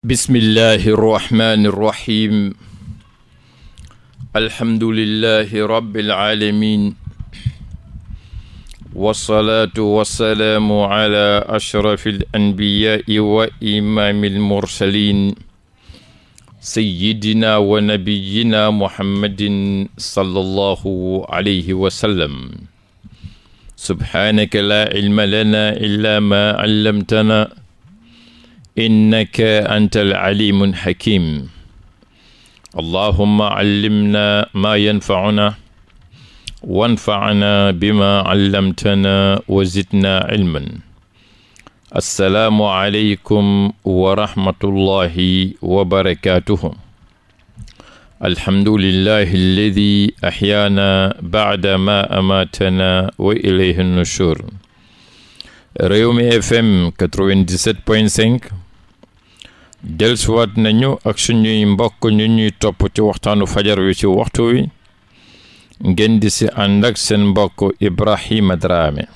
bismillahi irrahmani irrahim alhamdulillahi rabbil alamin wassalaatu wassalaamu ala ashrafi al anbiyaai wa imaami almursalin sayidina wa nabiyina muhammadin sallallahu alayhi wa sallam subhaanaka laa ilma lana illa ma allamtana innaka anta alalimu alxakim allahuma callimna maa yanfacuna wanfacna bima callamtana wa zidna cilman assalaamu aleykum wa rahmatullahi wa barakatuhu alhamdulillahi alladi axyaana bacda ma amaatana wa ilayhi nushur Rewmi FM 97.5 delsuwaat nañu ak suñuy mbokk ñu ñuy topp ci waxtaanu fajar wi ci waxtu wi ngeen di ci ànd ak seen mbokk Ibrahima Drame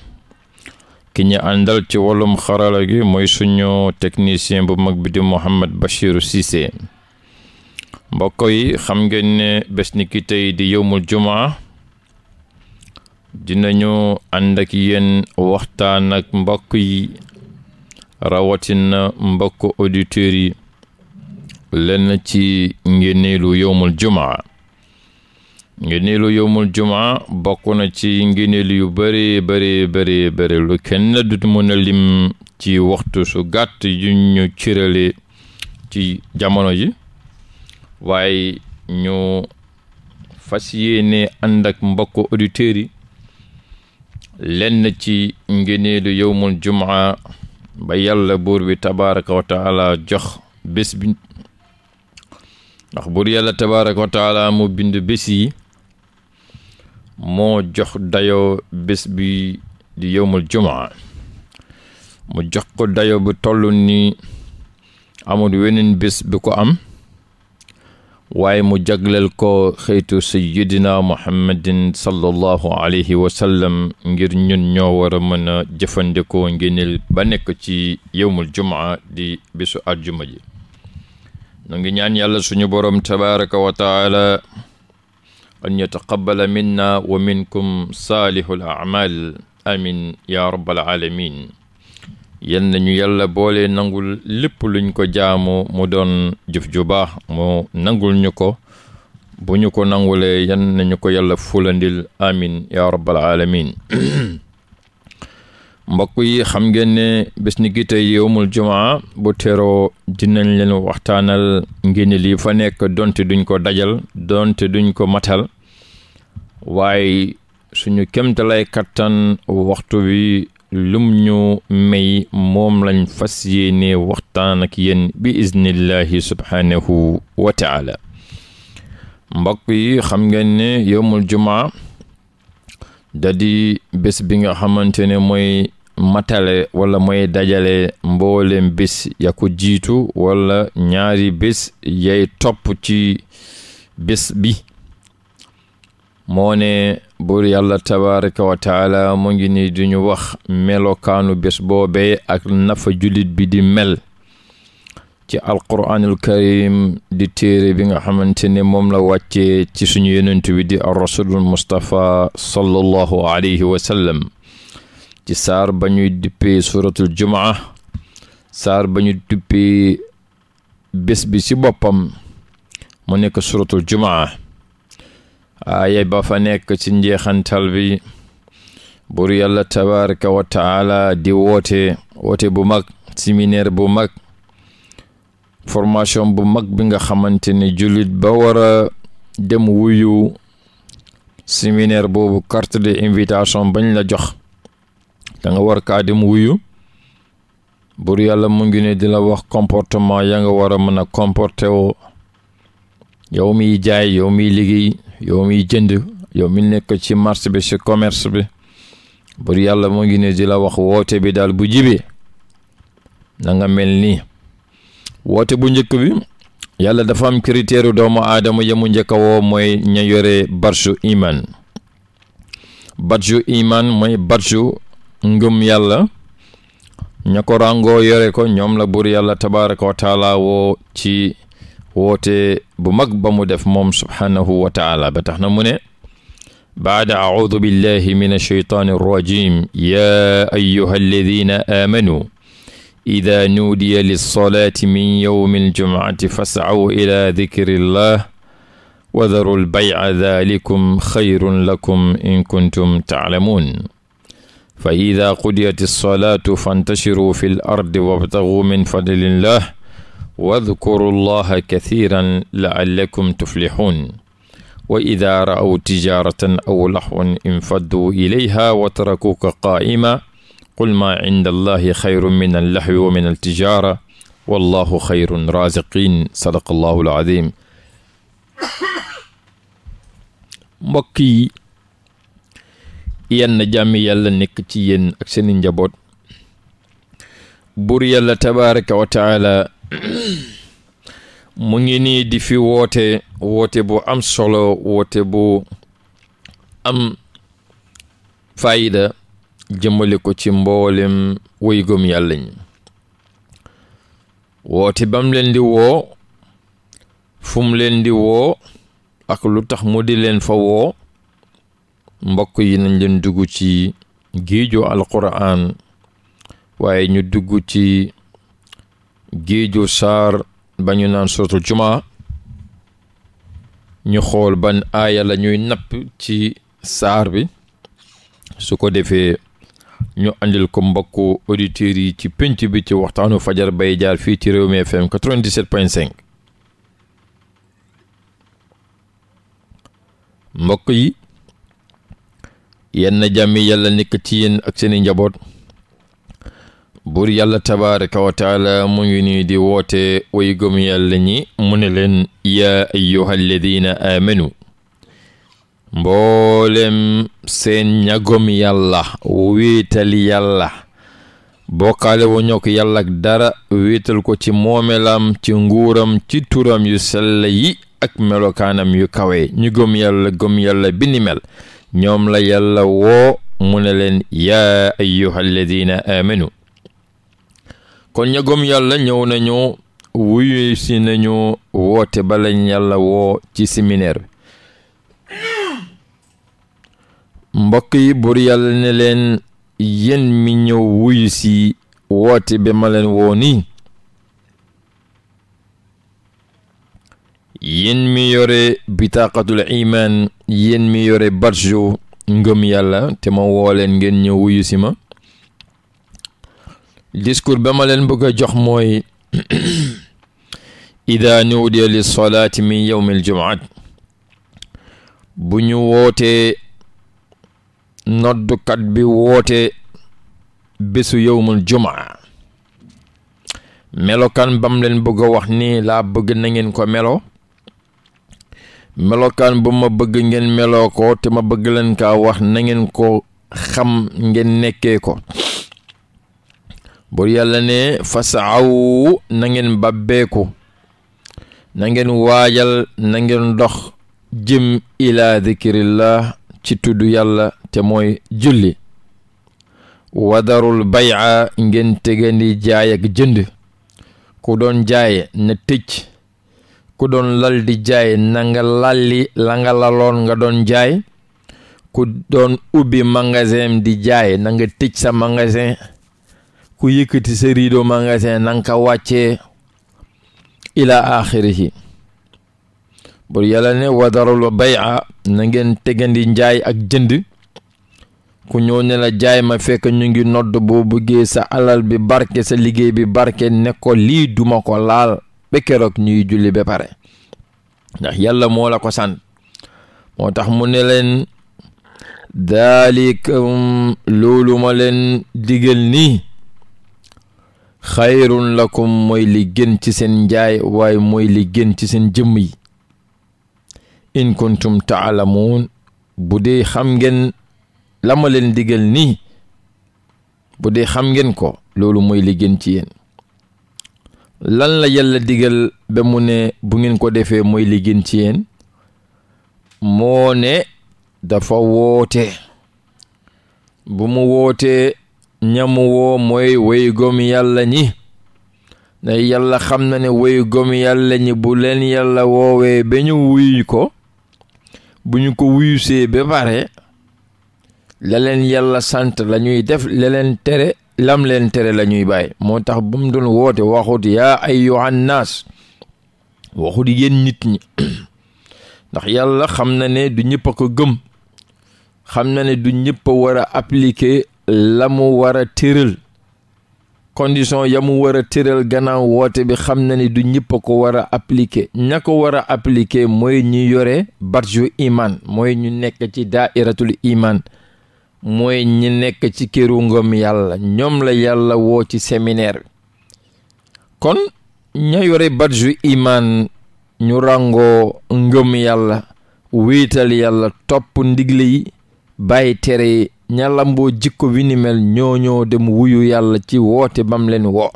ki ñu àndal ci wàllum xarala gi mooy suñu technicien bu mag bi di Mouhamed Bachiru Cissé mbokk yi xam ngeen ne bés ni ki tey di yowmul jumaa dinañu ànd ak yéen waxtaan ak mbokk yi rawatina mbokk auditeurs yi lenn ci ngéneelu yowmul jumaa ngéneelu yowmul jumaa bokk na ci ngéneelu yu bare bare bare lu kenn dut mën a lim ci waxtu su gàtt yu ñu cërale ci jamono ji waaye ñu fas yéene ànd ak mbokk auditeurs yi lenn ci ngéneelu yowmul jumaa ba yàlla buur bi tabaraka wa jox bés bi ndax buur yàlla tabaraka wa taala moo bind bés yi moo jox dayo bés bi di yowmul jumaa mu jox ko dayo bu toll ni amul weneen bés bi ko am waaye mu jagleel ko xëytu sayyidina muhammadin sallallahu alayhi wa sallam ngir ñun ñoo war a mën a jëfandikoo ngenil ba nekk ci yowmul jumaa di bisu àjjuma ji nu ngi ñaan yàlla suñu boroom tabaraka wa taala an yataqabala minna amin ya rabbal alamin yal nañu yàlla boole nangul lépp luñ ko jaamu mu doon jëf ju baax mu nangul ñu ko bu ñu ko nangulee yal nañu ko yàlla fulandil amin ya rabbal alamin mbokk yi xam ngeen ne bés ni ki tey yowmul jumaa bu teroo dinañ leen waxtaanal ngeen lii fa nekk donte duñ ko dajal donte duñ ko matal waaye suñu kemtalay kattan waxtu wi lum ñu may moom lañ fas yéene waxtaan ak yéen bi iznillahi subhaanahu wa taala mbokk yi xam ngeen ne yowmul jumaa da bés bi nga xamante ne mooy matale wala mooy dajale mboolem bés ya jiitu wala ñaari bés yay topp ci bés bi moo ne buur yàlla tabaraka wa taala mu ngi ni duñu wax melokaanu bés boobe ak nafa jullit bi di mel ci alquraanul karim di téere bi nga xamante ne moom la wàccee ci suñu yonent bi di ar rasulul mustapha sallallahu alayhi wa ci saar ba ñuy duppee suratul jumaa saar ba ñu duppee bés bi ci boppam mu nekk suratul jumaa aaya ba fa nekk ci njeexantal bi buur yàlla tabaraka wa taala di woote woote bu mag séminaire bu mag formation bu mag bi nga xamante ne jullit ba war a dem wuyu séminaire boobu carte de invitation bañ la jox danga war kaa dem wuyu buur yàlla mu ngi ne di la wax comportement ya nga war a mën a comporté woo yow mi jaay yow miy liggéey yow miy jënd yow mi nekk ci marché bi ci commerce bi bur yàlla moo ngi ne di la wax woote bi daal bu jibee na mel nii woote bu njëkk bi yàlla dafa am critère doomu aadama yamu njëkk woo mooy ña yore barsu iman barsu iman mooy barsu ngëm yàlla ña ko ràngoo yore ko ñoom la bur yàlla tabaraka wa taala ci woote bu mag ba mu def moom subhaanahu wa taala ba tax na mu ne baada audu billahi min alsheytaani arrajim ya ayuha alladina aamanuu ida nuudiya lilsolaati min yowmi aljumuati fascaw ila dikri llah wa daru lbayca dalikum xayrun lakum in kuntum taalamuun fa ida qudiyat alsolaatu fantashiruu fi l ardi wabtaguu min fadlillah wadkuru llaha kathiran laallakum tuflixuun wa ida ra'aw tijaratan aw laxwan infaddu ilayha wa tarakuuka qaa'ima qul maa inda allahi xayru min allaxwi wa min altijara wallahu xayrun raziqin sadaqa allahu alazim mbokk yi yenn jàmmi yàlla nekk ci yéen ak seeni njaboot buur yàlla tabaraka wa taala mu ngi nii di fi woote woote bu am solo woote bu am fayida jëmale ko ci mboolem woy gëm yàlla ñi woote bam leen di woo fu leen di woo ak lu tax mu di leen fa woo mbokk yi nañ leen dugg ci géeju alxuraan waaye ñu dugg ci géeju saar ba ñu naan suratul jumaa ñu xool ban aaya la ñuy napp ci saar bi su ko defee ñu andil ko mbokk auditeurs yi ci pénc bi ci waxtaanu fajar bay jaar fii ci réew mi FM 97.5 mbokk yi yenn jàmmi yàlla nekk ci yenn ak seeni njaboot buur yàlla tabaraka wa mu ngi nii di woote way gëm yàlla ñi mu ne leen yaa ayyuha alladina aamanu mboolem seen ñagom yàlla wiital yàlla bokkaale wu ñokk yàlla dara wiital ko ci moomelam ci nguuram ci turam yu sell yi ak melokaanam yu kawe ñu gëm yàlla gëm yàlla mel ñoom la yàlla woo mu ne leen yaa ayyuha alladina kon ña gëm yàlla ñëw nañu wuyu si nañu woote balañ yàlla woo ci séminaire bi mbokk yi buur yàlla ne leen yéen mi ñëw wuyu si woote bi ma leen woo nii yéen mi yore bitaqatul iman yéen mi yore barjo ngëm yàlla te ma woo leen ngeen ñëw wuyu si ma discours ba ma leen bëgg a jox mooy ida nuudiya li solaati min yowmi aljumaat bu ñu wootee noddukat bi woote bésu yowmul jumaa melokaan bam leen bëgg a wax nii laa bëgg nangeen ko melo melokaan bu ma bëgg ngeen meloo ko te ma bëgg leen ka wax na ngeen ko xam ngeen nekkee ko bur yàlla ne fasaw na ngeen bàbbeeku na ngeen waajal nangeen dox jëm ila dikrillah ci tudd yàlla te mooy julli wadarul bay'a ngeen tegandi jaay ak jënd ku doon jaay na tëj ku doon lal di jaay na nga lalli nga doon jaay ku doon ubbi magasin di jaay na nga tëj sa magasin ku yëkkati sa rideau magasin na nga ko wàccee ila axirihi yàlla ne wadarul bay na ngeen tegandi njaay ak jënd ku ñëw ne jaay ma fekk ñu ngi nodd boo bëggee sa alal bi barke sa liggéey bi barke ne lii duma ko laal ba keroog ñuy julli ba pare ndax yàlla moo la ko sant moo tax mu ne leen daalikum leen digal nii xayrun la mooy li gën ci seen njaay waaye mooy li gën ci seen jëmm yi in kuntum taalamuun bu dee xam ngeen la ma leen digal nii bu dee xam ngeen ko loolu mooy li gën ci yéen lan la yàlla digal ba mu ne bu ngeen ko defee mooy li gën ci yéen moo ne dafa woote bu mu wootee ñamu woo mooy way gom yàlla ñi ne yàlla xam na ne way gom yàlla ñi bu leen yàlla woowee ba ñu wuyu ko bu ñu ko wuyusee ba pare la leen yàlla sant la ñuy def la leen tere lam leen tere la ñuy bàyyi moo tax ba mu doon woote waxut yaa ay naas waxut yéen nit ñi ndax yàlla xam na ne du ñëpp ko gëm xam na ne du ñëpp a war a appliquer la mu war a tëral condition ya mu war a tëral gannaaw woote bi xam na ni du ñëpp a ko war a appliquer ña ko mooy ñu yore barju iman mooy ñu nekk ci daairatul iman mooy ñi nekk ci këru ngëm yàlla ñoom la yàlla woo ci séminaire kon ña yore barju iman ñu ràngoo ngëm yàlla wiital yàlla topp ndigle yi bàyyi ña jikko wi ni mel dem wuyu yàlla ci woote bam leen woo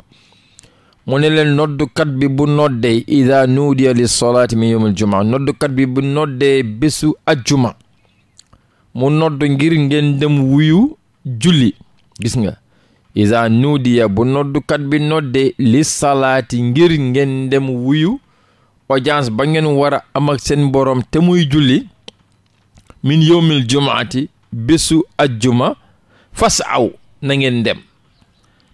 mu ne leen noddukat bi bu noddee ida nuudiya li solaati min yowmal jumaa noddukat bi bu noddee bésu ajjuma mu nodd ngir ngeen dem wuyu julli gis nga isa nuudiya bu noddukat bi noddee li salaati ngir ngeen dem wuyu audience ba ngeen war a am ak seen boroom te muy julli min yowmil jumaati bésu ajjuma fas aw nangeen dem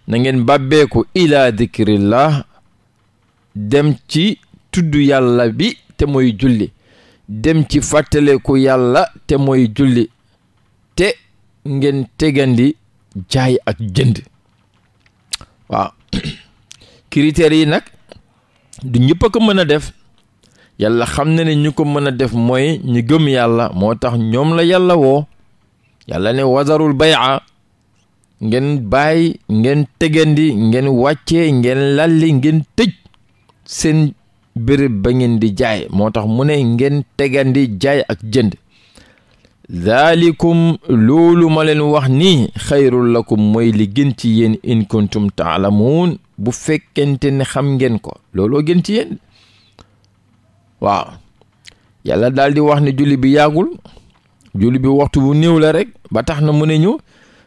na ngeen bàbbeeku ilaa dikrillah dem ci tuddu yàlla bi te mooy julli dem ci fàttaleeku yàlla te mooy julli te ngeen tegandi jaay ak jënd waaw critères yi nag du ñëpp a ko mën a def yàlla xam na ne ñu ko mën a def mooy ñu gëm yàlla moo tax ñoom la yàlla woo yàlla ne wasarul bay'a ngeen bàyyi ngeen tegandi ngeen wàccee ngeen lalli ngeen tëj seen bërëb ba ngeen di jaay moo tax mu ne ngeen tegandi jaay ak jënd daalikum loolu ma leen wax ni xayrul lakum mooy li gën ci yéen in kuntum taalamuun bu fekkente ne xam ngeen ko looloo gën ci wax ne julli bi yaagul julli bi waxtu wu néew la rek ba tax na mu ne ñu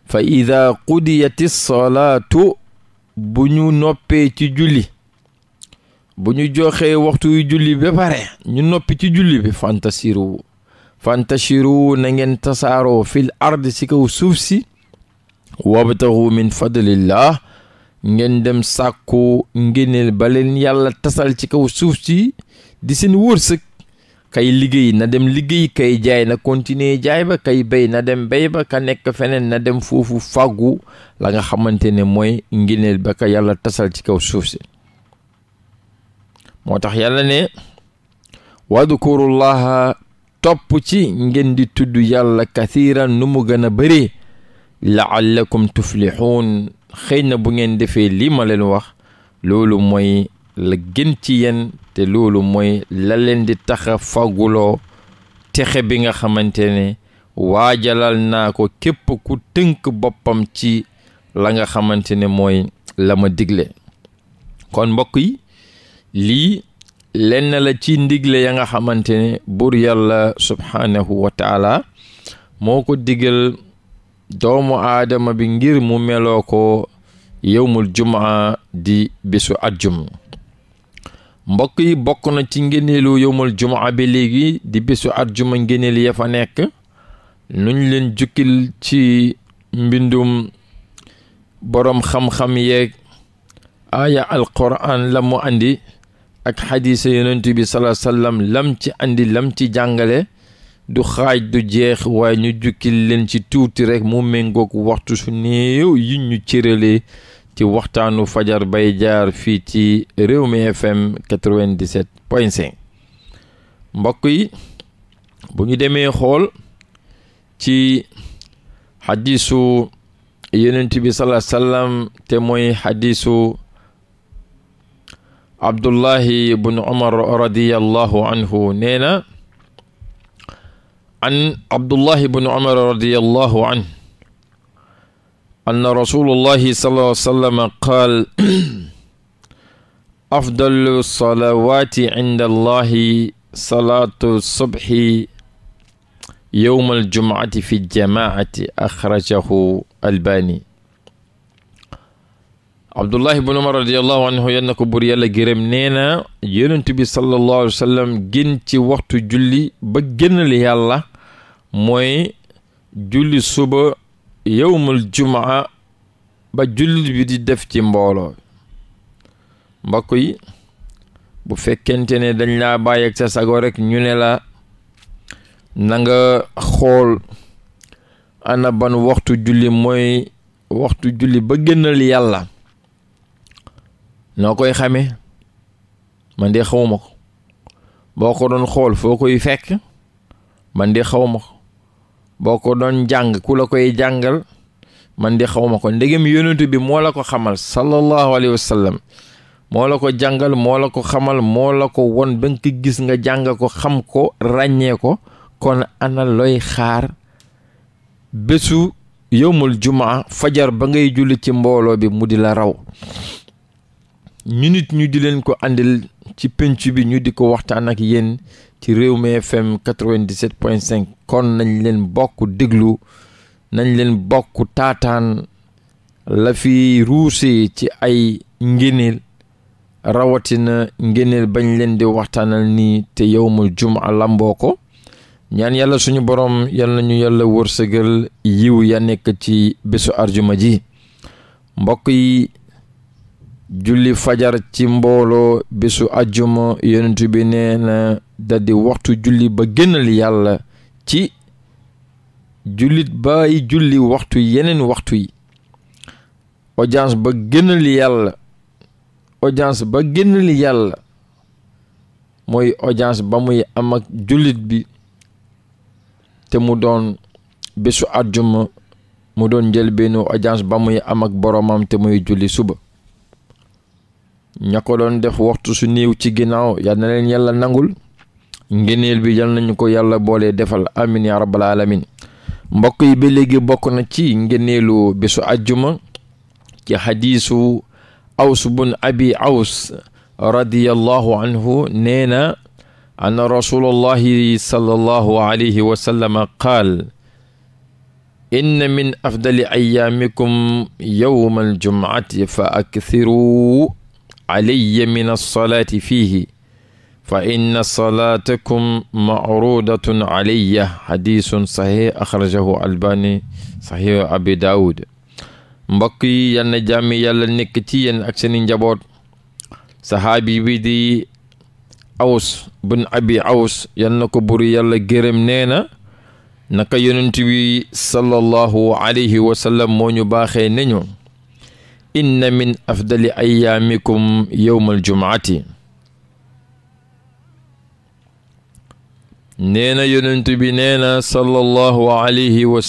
fa ida qudiyati salaatu bu ñu noppee ci julli bu ñu joxee waxtu julli ba pare ñu noppi ci julli bi fantasiru fantashiru na ngeen tasaaroo fil ard si kaw suuf si wabtahu min fadlillah ngeen dem sàkku ngéneel ba leen yàlla tasal ci kaw suuf si di seen wërsëg kay liggéey na dem liggéey kay jaay na continuer jaay ba kay bay na dem bay ba ka nekk feneen na dem foofu fàggu la nga xamante ne mooy ngëneel ba ka yàlla tasal ci kaw suuf si moo tax yàlla ne wadkurullaha topp ci ngeen di tudd yàlla kathiran nu mu gën a bëree laallakum tuflixuun xëy na bu ngeen defee lii ma leen wax loolu mooy la gën ci yéen te loolu mooy la leen di tax faguloo texe bi nga xamante ne waajalal naa ko képp ku tënk boppam ci la nga xamante ne mooy la ma digle kon mbokk yi lii lenn la ci ndigle ya nga xamante ne buur yàlla subhaanahu wa moo ko digal doomu aadama bi ngir mu meloo ko yowmul jumaa di bisu ajjum mbokk yi bokk na ci ngéneelu yowmal jumaa bi léegi di bésu arjuma ngéneel ya fa nekk nuñ leen jukkil ci mbindum boroom xam-xam yeeg aaya alquran la mu indi ak xadiisa yonent bi salaa sallam lam ci indi lam ci jàngale du xaaj du jeex waaye ñu jukkil leen ci tuuti rekk mu méngoog waxtu su néew yi ñu cëralee waxtaanu fajar bay jaar fii ci Rewmi FM 97 point 5 mbokk yi bu demee xool ci xadisu yonent bi salaa sallam te moy xadisu abdullahi bnu umar radiallahu anhu nee na an abdullahi bnu umar radiallahu anhu anna rasulullahi sallallahu alayhi wa sallam qaal afdalu salawaati inda allahi salaatu subhi yowma aljumuati fi ljamaati axrajahu albani abdullahi bun umar radiallahu anhu yal na ko buur yàlla gërëm nee na yonent bi sallallahu alayhi wa sallam gën ci waxtu julli ba gënal yàlla mooy julli suba yowmul jumaa ba jullit bi di def ci mbooloo mbokk yi bu fekkente ne dañ laa bàyyi ak sa sago rek ñu ne la na nga xool ana ban waxtu julli mooy waxtu julli ba gënal yàlla noo koy xame man de xawma ko boo ko doon xool foo koy fekk man de xawma ko boo ko doon jàng ku la koy jàngal man di xawma ko ndegem yonent bi moo la ko xamal sallallahu alayhi wa moo la ko jàngal moo la ko xamal moo la ko won ba nga gis nga jàng ko xam ko ràññee ko kon ana looy xaar bésu yowmul jumaa fajar ba ngay julli ci mbooloo bi mu di la raw ñu nit ñu di leen ko àndil ci penc bi ñu di ko waxtaan ak yéen ci réew mi FM 97.5 kon nañ leen bokk déglu nañ leen bokk taataan la fi ruusee ci ay ngéneel rawatina ngéneel bañ leen di waxtaanal nii te yowmul jumaa lamboo ko ñaan yàlla suñu boroom yal nañu yàlla wërsëgal yiw ya nekk ci bésu arjuma ji mbokk yi julli fajar ci mbooloo bésu ajjuma yonentu bi nee na daldi waxtu julli ba gënal yàlla ci jullit bay julli waxtu yeneen waxtu yi audience ba gënal yàlla audience ba gënal yàlla mooy audience ba muy am ak jullit bi te mu doon bésu àjjuma mu doon njëlbeenu audience ba muy am ak boromam te muy julli suba ña ko doon def waxtu su néew ci ginnaaw yal na leen yàlla nangul ngeneel bi yal nañu ko yàlla boole defal amin ya rabbal alamin mbokk yi ba léegi bokk na ci ngeneelu bésu ajjuma ci xadiisu aws bun abi aws radiyallahu anhu nee na anna rasulullahi sallallahu alayhi wa sallam qaal inna min afdali ayaamikum yowma aljumcati fa akthiru alayya min alsalaati fiihi fa inna salaatakum macrudatun alayya xadisun saxix axrajahu albani saxixu abi daawud mbokk yi yal na jàmmi yàlla nekk ci yéen ak seeni njaboot sahaabi bi di aws bun abi aws yal na ko buri yàlla gërëm nee na naka yonent bi sallallahu alayhi wa sallam moo ñu baaxee nañu inna min afdali ayaamikum yowmal jumaati neena na bi neena na sallallahu alayhi wa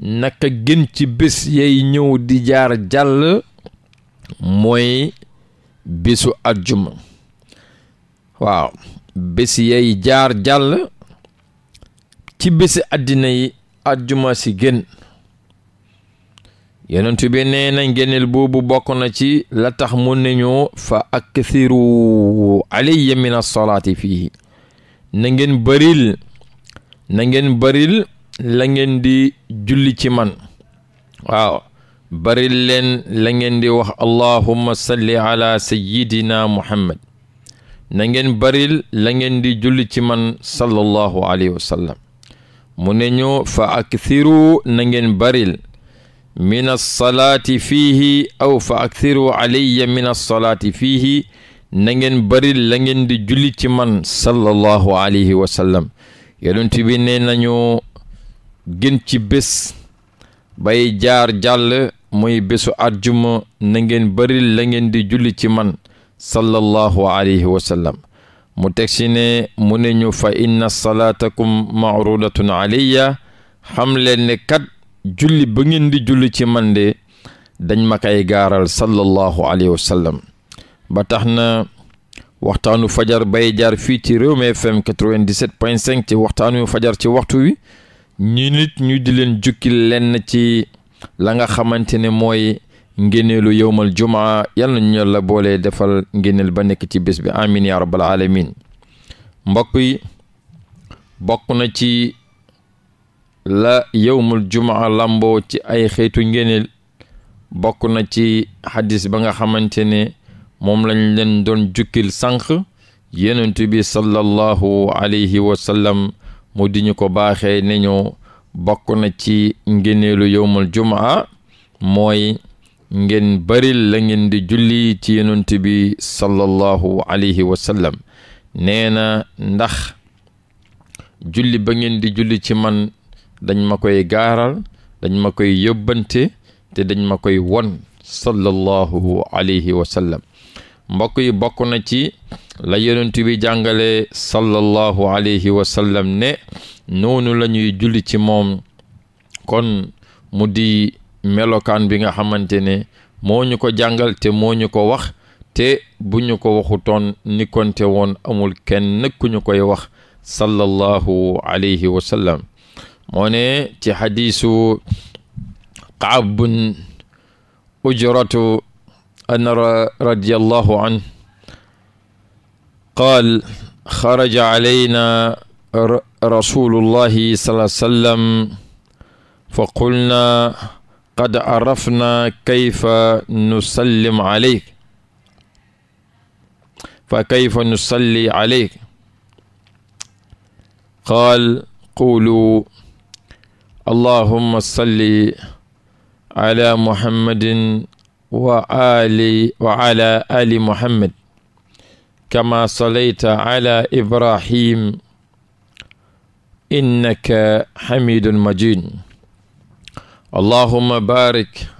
naka gën ci bés yay ñëw di jaar jàll mooy bésu ajjuma waaw bés yay jaar jàll ci bés àddina yi ajjuma si gën yonent bi neena na ngéneel boobu bokk na ci la tax mun nañu fa akthiru alayya min as-salaati fii na ngeen baril na ngeen baril la ngeen di julli ci man waaw baril leen la ngeen di wax allahumma salli ala sayyidina muhammad na ngeen baril la ngeen di julli ci man sallallahu alayhi wa mu ne ñu fa akthiru na ngeen baril min alsalaati fiihi aw fa akthiru alayya min alsalaati fiihi na ngeen bari di julli ci man sallallahu alayhi wa sallam yonent bi nee nañu gën ci bés bay jaar jàll muy bésu àjjuma na ngeen bari la ngeen di julli ci man sallallahu alayhi wa mu teg si ne mu ne ñu fa inna salaatakum maarudatun alayya xam leen ne kat julli ba ngeen di julli ci man de dañ ma kay gaaral sallallahu alayhi wa sallam ba tax na waxtaanu fajar bay jaar fii ci Rewmi FM 97.5 ci waxtaanu fajar ci waxtu wi ñi nit ñu di leen jukki lenn ci la nga xamante ne mooy ngéneelu yowmal jumaa yal na ñu la boolee defal ngéneel ba nekk ci bés bi amin ya rabbal alamin mbokk yi bokk na ci la yowmal jumaa làmboo ci ay xeetu ngéneel bokk na ci xadis ba nga xamante ne moom lañ leen doon jukkil sànq yenent bi sallallahu alayhi wa sallam di ñu ko baaxee ne ñu bokk na ci ngëneelu yowmal jumaa mooy ngeen baril la ngeen di julli ci yenent bi sallallahu alayhi wa sallam nee na ndax julli ba ngeen di julli ci man dañ ma koy gaaral dañ ma koy yóbbante te dañ ma koy wan sallallahu alayhi wa mbokk yi bokk na ci la yonent bi jàngale sallallahu alayhi wa sallam ne noonu la ñuy julli ci moom kon mu di melokaan bi nga xamante ne moo ko jàngal te moo ñu ko wax te bu ñu ko waxutoon ni konte woon amul kenn ku koy wax sallallahu alayhi wa sallam ci xadiisu qaab bun أن رضي الله عنه قال خرج علينا رسول الله صلى الله عليه وسلم فقلنا قد عرفنا كيف نسلم عليك فكيف نصلي عليك قال قولوا اللهم صل على محمد wa ali wa ala ali muhammad kama salayta ala ibrahim innaka hamidun majid allahumma barik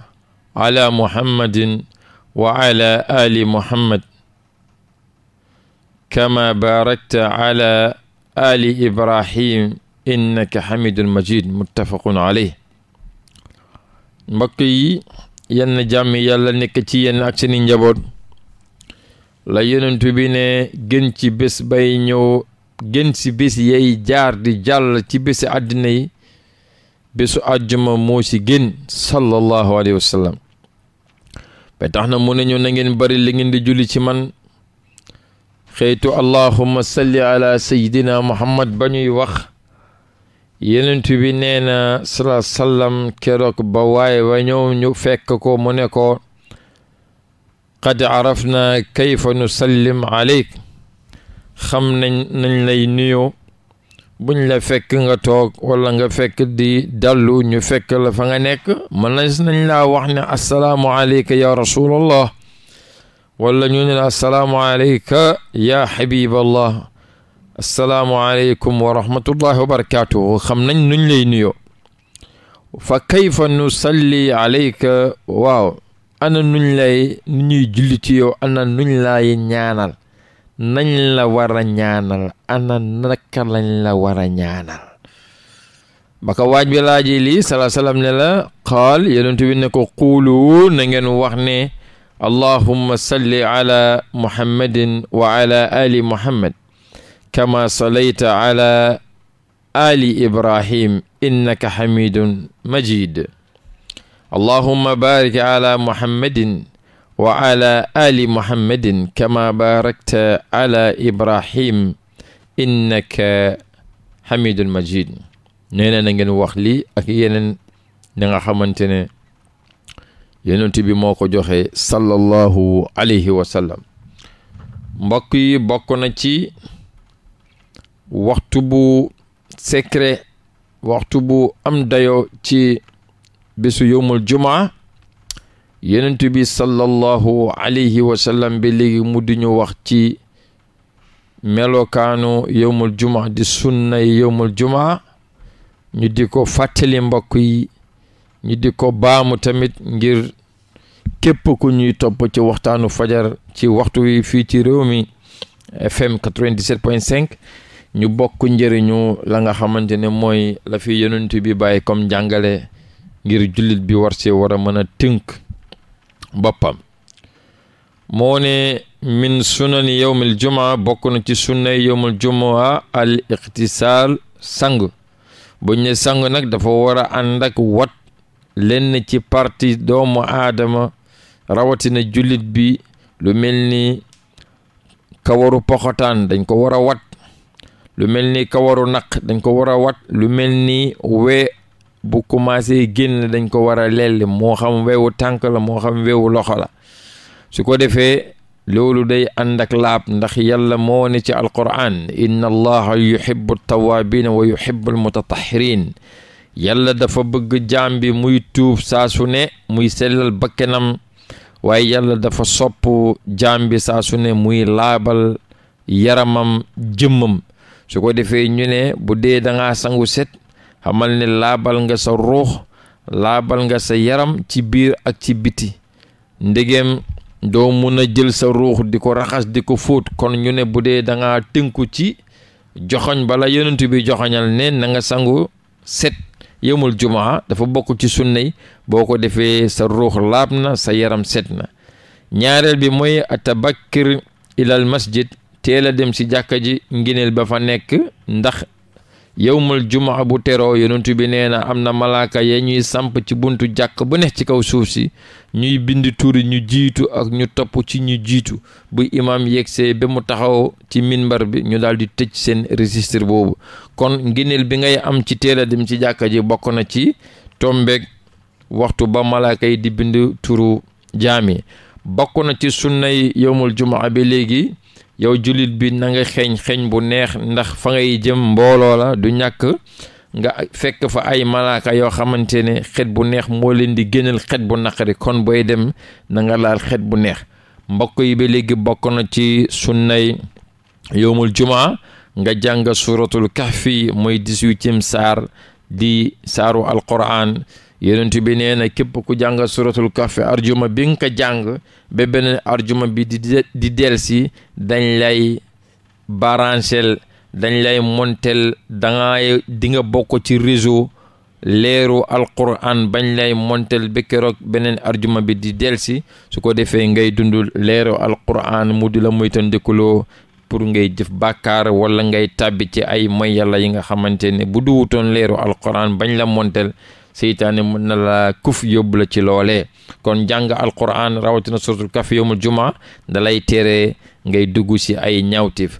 ala muhammadin wa ala ali muhammad kama barakta ala ali ibrahim innaka hamidun majid muttafaqun alayh mbokk yi yenn jàmm yàlla nekk ci yenn ak seeni njaboot la yonent bi ne gën ci bés bay ñëw gën ci bés yay jaar jàll ci bési àddina yi bésu àjjuma moo ci gën sallallahu alayhi wa tax na mu ne ñu na ngeen bari li ngeen di julli ci man xeetu allahumma salli ala sayyidina muhammad ba ñuy wax yenent bi nee na sala sallam keroog ba waaye ba ñëw ñu fekk ko mu ne ko qad arafna kayfa nusallim aleyk xam nañ nañ lay nuyoo buñ la fekk nga toog walla nga fekk di dallu ñu fekk la fa nga nekk mën nañ laa wax ne assalaamu aleyka ya rasulallah wala ñu ne la assalaamu aleyka ya habiballah asalaamualeykum wa rahmatullahi wa barakaatuhu xam nañ nuñ lay nuyo fa kayfa nu salli aleyka waaw ana nuñ lay nu ñuy julli ci yow ana nuñ lay ñaanal nañ la war a ñaanal ana naka lañ la war ñaanal ba waaj bi laaji lii salaa salaam ne la qaal yonent bi ne ko quulu na wax ne allahumma salli ala muhammadin wa ala ali kama salayta ala ali ibrahim innaka hamidun majid allahumma barik ala muhammadin wa ala ali muhammadin kama barakta ala ibrahim innaka hamidun majid nee na na wax lii ak yeneen na nga xamante ne yonent bi moo ko joxe sallallahu alayhi wa sallam waxtu bu secret waxtu bu am dayo ci bésu yowmul jumaa yenent bi sallallahu alayhi wa sallam bi léegi mu di ñu wax ci melokaanu yowmul jumaa di sunna yowmul jumaa ñu di ko fàttali mbokk yi ñu di ko baamu tamit ngir képp ku ñuy topp ci waxtaanu fajar ci waxtu wi fii ci réew mi FM 97.5 ñu bokk njëriñu la nga xamante ne mooy la fi yonent bi bàyyi kom jàngale ngir jullit bi war si war a mën a tënk boppam moo ne min sunani yowmil jumaa bokk na ci sunnay yowmil jumaa al iqtisaal sang buñ ne sang nag dafa war a ànd ak wat lenn ci parti doomu aadama rawatina jullit bi lu mel ni kawaru poxotaan dañ ko war wat lu mel ni kawaru naq dañ ko war a wat lu mel ni we bu commencé génn dañ ko war a lelli moo xam wewu tànk la moo xam wewu loxo la su ko defee loolu day ànd ak laab ndax yàlla moo ne ci alquran inna allaha yuhibbu tawaabina wa yuhibbu almutatahirin yàlla dafa bëgg jaam bi muy tuub saa ne muy sellal bakkanam waaye yàlla dafa sopp jaam bi saa su ne muy laabal yaramam jëmmam su ko defee ñu ne bu dee da sangu set xamal ne laabal nga sa ruux laabal nga sa yaram ci biir ak ci biti ndegem doo mun a jël sa ruux di ko raxas di ko fóot kon ñu ne bu dee da ngaa tënku ci joxoñ bala yonent bi joxoñal ne na nga sangu set yëmul jumaa dafa bokk ci sunna boo ko defee sa ruux laab na sa yaram set na ñaareel bi mooy atabakkir ilal masjid teel a dem ci jàkka ji ngineel ba fa nekk ndax yowmal jumaa bu tero yonentu bi nee na am na malaaka ya ñuy samp ci buntu jàkk bu nekk ci kaw suuf si ñuy bind turi ñu jiitu ak ñu topp ci ñu jiitu bu imaam yegsee ba mu taxaw ci minbar bi ñu daal di tëj seen registre boobu kon ngineel bi ngay am ci teel dem ci jàkka ji bokk na ci tombeeg waxtu ba malaaka yi di bind turu jaami bokk na ci sunnay yowmal jumaa bi léegi yow jullit bi nanga xeeñ xeeñ bu neex ndax fa ngay jëm mbooloo la du ñàkk nga fekk fa ay malaaka yoo xamante ne xet bu neex moo leen di génnal xet bu naqari kon booy dem na nga laal xet bu neex mbokk yi ba léegi bokk na ci sunnay yowmul jumaa nga jàng suuratul fii mooy dix-huitième saar di saaru alquran yonent bi nee na képp ku jàng suratul kahf arjuma bi nga ko jàng ba beneen arjuma bi di di delsi dañ lay barancel dañ lay montel dangay dinga bokk ci réseau leeru alquran bañ lay montel ba keroog beneen arjuma bi di delsi su ko defee ngay dund leeru alquran mu di la moytandikuloo pour ngay jëf bàkkaar wala ngay tàbbi ci ay may yàlla yi nga xamante ne bu duwutoon leeru alquran bañ la montel seytaane mën na la kuf yóbbu la ci loole kon jàng alquran rawatina suratul kaf yowmul juma da lay tere ngay dugg ci ay ñawtif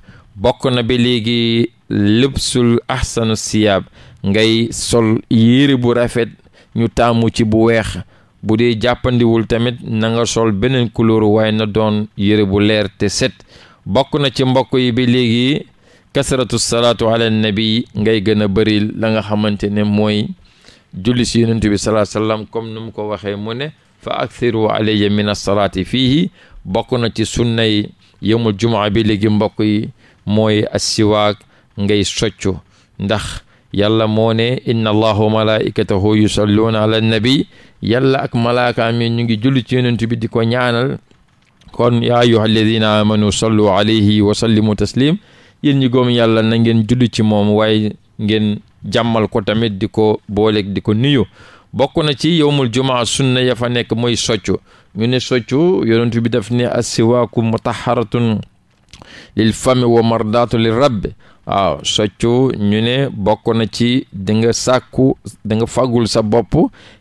bokk na bi léegi lubsul ahsanu siyaab ngay sol yére bu rafet ñu taamu ci bu weex bu dee jàppandiwul tamit na nga sol beneen couleur waaye na doon yére bu leer te set bokk na ci mbokk yi ba léegi kasaratu salaatu ala nabi ngay gën a bëril la nga xamante ne mooy julli si yonent bi salaa sallam comme nu mu ko waxee mu ne fa akthiru alayya min assalaati fiihi bokk na ci sunna yi jumaa bi léegi mbokk yi mooy assiwaak ngay soccu ndax yàlla moo ne inna allaha wa malaikatahu yusalluuna ala nabi yàlla ak malaakaam yi ñu ngi julli ci yonent bi di ko ñaanal kon yaa ayyuha alladina amanu sallu alayhi wa sallimu taslim yéen ñi góom yàlla na ngeen julli ci moom waaye ngeen jàmmal ko tamit di ko booleek di ko nuyu bokk na ci yowmul jumaa sunna ya fa nekk mooy soccu ñu ne soccu yonentu bi daf ne assiwaaku mutaharatun lil fami wa mardaatu li rabbi waaw soccu ñu ne bokk na ci di nga sàkku di sa bopp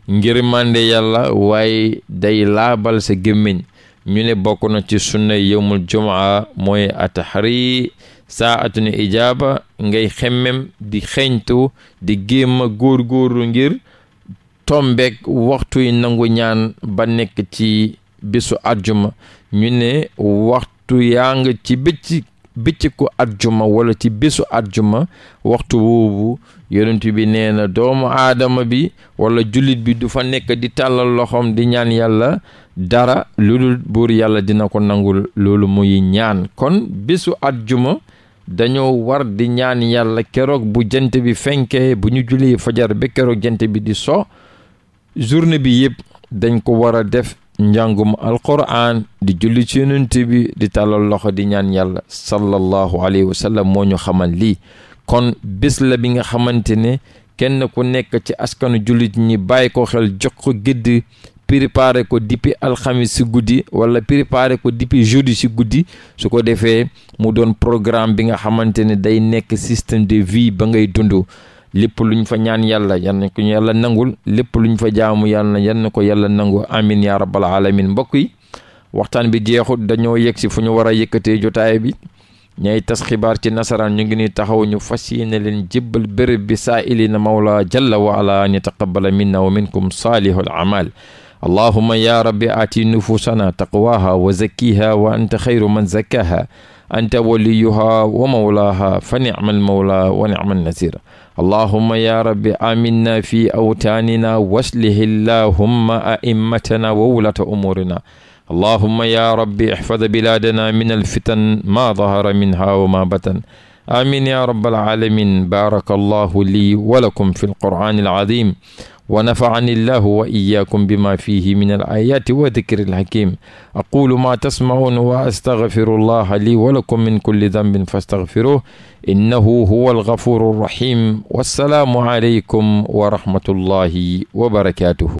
ngir mànde yàlla waaye day laabal sa gémmiñ ñu ne bokk na ci sunna yowmul jumaa mooy atahari saatun ijaaba ngay xemmem di xeñtu di géem góor góor ngir tombeek waxtuy nangu ñaan ba nekk ci bésu àjjuma ñu ne waxtu yaa nga ci bëcc bëccëgu àjjuma wala ci bésu àjjuma waxtu woowu yonent bi neena doomu aadama bi wala jullit bi du fa nekk di tàllal loxoom di ñaan yàlla dara lu dul buur yàlla dina ko nangul loolu muy ñaan kon bésu àjjuma dañoo war di ñaan yàlla keroog bu jant bi fenkee bu ñu julli fajar ba keroog jant bi di so jurne bi yëpp dañ ko war a def njàngum alquran di julli ci yonent bi di tàllal loxo di ñaan yàlla sallallahu alayhi wa moo ñu xaman lii kon bés la bi nga xamante ne kenn ku nekk ci askanu jullit ñi bàyyi ko xel jox ko gëdd préparer ko depuis alxamis si guddi wala préparer ko depuis jeudi si guddi su ko defee mu doon programme bi nga xamante ne day nekk système de vie ba ngay dund lépp luñ fa ñaan yàlla yan na ko yàlla nangul lépp luñ fa jaamu yàlla yan na ko yàlla nangu amin ya rabbal alamin mbokk yi waxtaan bi jeexut dañoo yegg si fu ñu war a yëkkatee jotaay bi ñay tas xibaar ci nasaraan ñu ngi ni taxaw ñu fas yéene leen jébbal bërëb bi saa ili na mawla jalla wa ala ñu taqabbala minna wa minkum saalihul amal allahuma ya rabbi aati nufuusana taqwaha wa zakkiha wa anta xayru man zakkaha anta waliyuha wa mawlaha fa ni'mal mawla wa ni'man nasir allahuma ya rabbi aminna fi awtaanina waslih allahumma a'immatana wa wulata umuurina allahuma ya rabbi ihfad bilaadana min alfitan ma dahara minha wa ma batan amin ya rabbal alamin baaraka allahu lii wa lakum fi alqur'aani alazim wa nafaani llahu wa iyaakum bima fihi min al ayaati wa dikri alxakim aqulu ma tasmaun wa astaghfiru llaha li wa lakum min kulli dambin fastaghfiruh innahu huwa alghafuru rrahim wassalaamu aleykum wa rahmatullahi wa barakatuhu